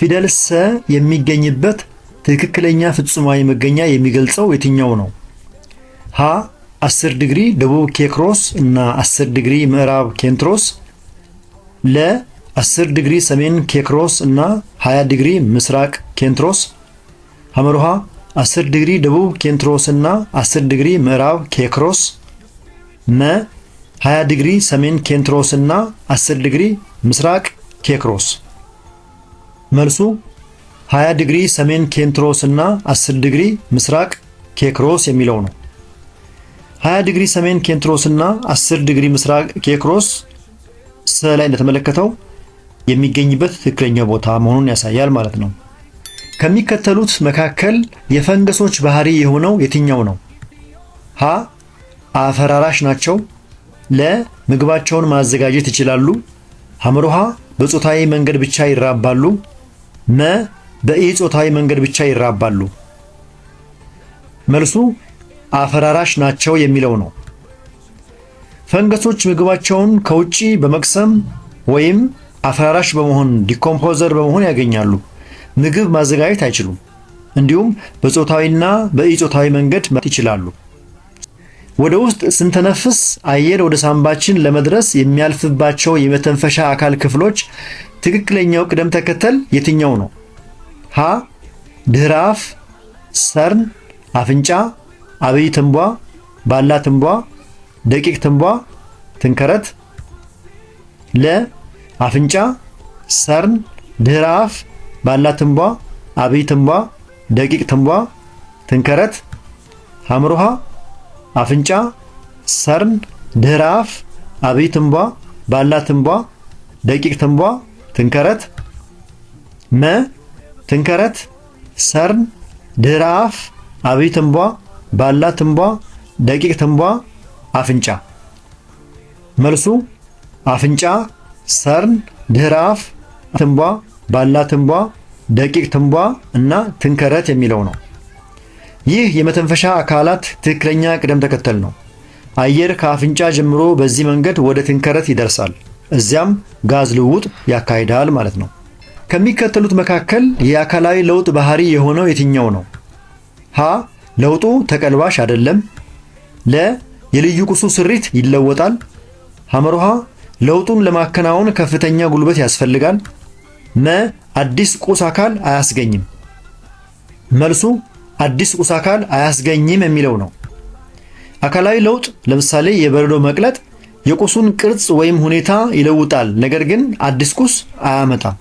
ፊደል ሰ የሚገኝበት ትክክለኛ ፍጹማዊ መገኛ የሚገልጸው የትኛው ነው? ሀ 10 ዲግሪ ደቡብ ኬክሮስ እና 10 ዲግሪ ምዕራብ ኬንትሮስ፣ ለ 10 ዲግሪ ሰሜን ኬክሮስ እና 20 ዲግሪ ምስራቅ ኬንትሮስ፣ ሐመሩሃ 10 ዲግሪ ደቡብ ኬንትሮስ እና 10 ዲግሪ ምዕራብ ኬክሮስ፣ መ 20 ዲግሪ ሰሜን ኬንትሮስ እና 10 ዲግሪ ምስራቅ ኬክሮስ መልሱ 20 ዲግሪ ሰሜን ኬንትሮስ እና 10 ዲግሪ ምስራቅ ኬክሮስ የሚለው ነው። 20 ዲግሪ ሰሜን ኬንትሮስ እና 10 ዲግሪ ምስራቅ ኬክሮስ ስለ ላይ እንደተመለከተው የሚገኝበት ትክክለኛው ቦታ መሆኑን ያሳያል ማለት ነው። ከሚከተሉት መካከል የፈንገሶች ባህሪ የሆነው የትኛው ነው? ሀ አፈራራሽ ናቸው፣ ለ ምግባቸውን ማዘጋጀት ይችላሉ፣ ሐመር በጾታዊ መንገድ ብቻ ይራባሉ መ በኢ መንገድ ብቻ ይራባሉ? መልሱ አፈራራሽ ናቸው የሚለው ነው። ፈንገሶች ምግባቸውን ከውጪ በመቅሰም ወይም አፈራራሽ በመሆን ዲኮምፖዘር በመሆን ያገኛሉ። ምግብ ማዘጋጀት አይችሉም። እንዲሁም በጾታዊና በኢ መንገድ መጥ ይችላሉ። ወደ ውስጥ ስንተነፍስ አየር ወደ ሳንባችን ለመድረስ የሚያልፍባቸው የመተንፈሻ አካል ክፍሎች ትክክለኛው ቅደም ተከተል የትኛው ነው? ሀ ድህረ አፍ፣ ሰርን፣ አፍንጫ፣ አብይ ትንቧ፣ ባላ ትንቧ፣ ደቂቅ ትንቧ፣ ትንከረት። ለ አፍንጫ፣ ሰርን፣ ድህረ አፍ፣ ባላ ትንቧ፣ አብይ ትንቧ፣ ደቂቅ ትንቧ፣ ትንከረት። ሐምሮሃ አፍንጫ፣ ሰርን፣ ድህረ አፍ፣ አብይ ትንቧ፣ ባላ ትንቧ፣ ደቂቅ ትንቧ ትንከረት መ ትንከረት ሰርን ድህረ አፍ አብይ ትንቧ ባላ ትንቧ ደቂቅ ትንቧ አፍንጫ። መልሱ አፍንጫ፣ ሰርን፣ ድህረ አፍ፣ ትንቧ፣ ባላ ትንቧ፣ ደቂቅ ትንቧ እና ትንከረት የሚለው ነው። ይህ የመተንፈሻ አካላት ትክክለኛ ቅደም ተከተል ነው። አየር ከአፍንጫ ጀምሮ በዚህ መንገድ ወደ ትንከረት ይደርሳል። እዚያም ጋዝ ልውውጥ ያካሂዳል ማለት ነው። ከሚከተሉት መካከል የአካላዊ ለውጥ ባህሪ የሆነው የትኛው ነው? ሀ ለውጡ ተቀልባሽ አይደለም። ለ የልዩ ቁሱ ስሪት ይለወጣል። ሐመርሃ ለውጡን ለማከናወን ከፍተኛ ጉልበት ያስፈልጋል። መ አዲስ ቁስ አካል አያስገኝም። መልሱ አዲስ ቁስ አካል አያስገኝም የሚለው ነው። አካላዊ ለውጥ ለምሳሌ የበረዶ መቅለጥ የቁሱን ቅርጽ ወይም ሁኔታ ይለውጣል፣ ነገር ግን አዲስ ቁስ አያመጣም።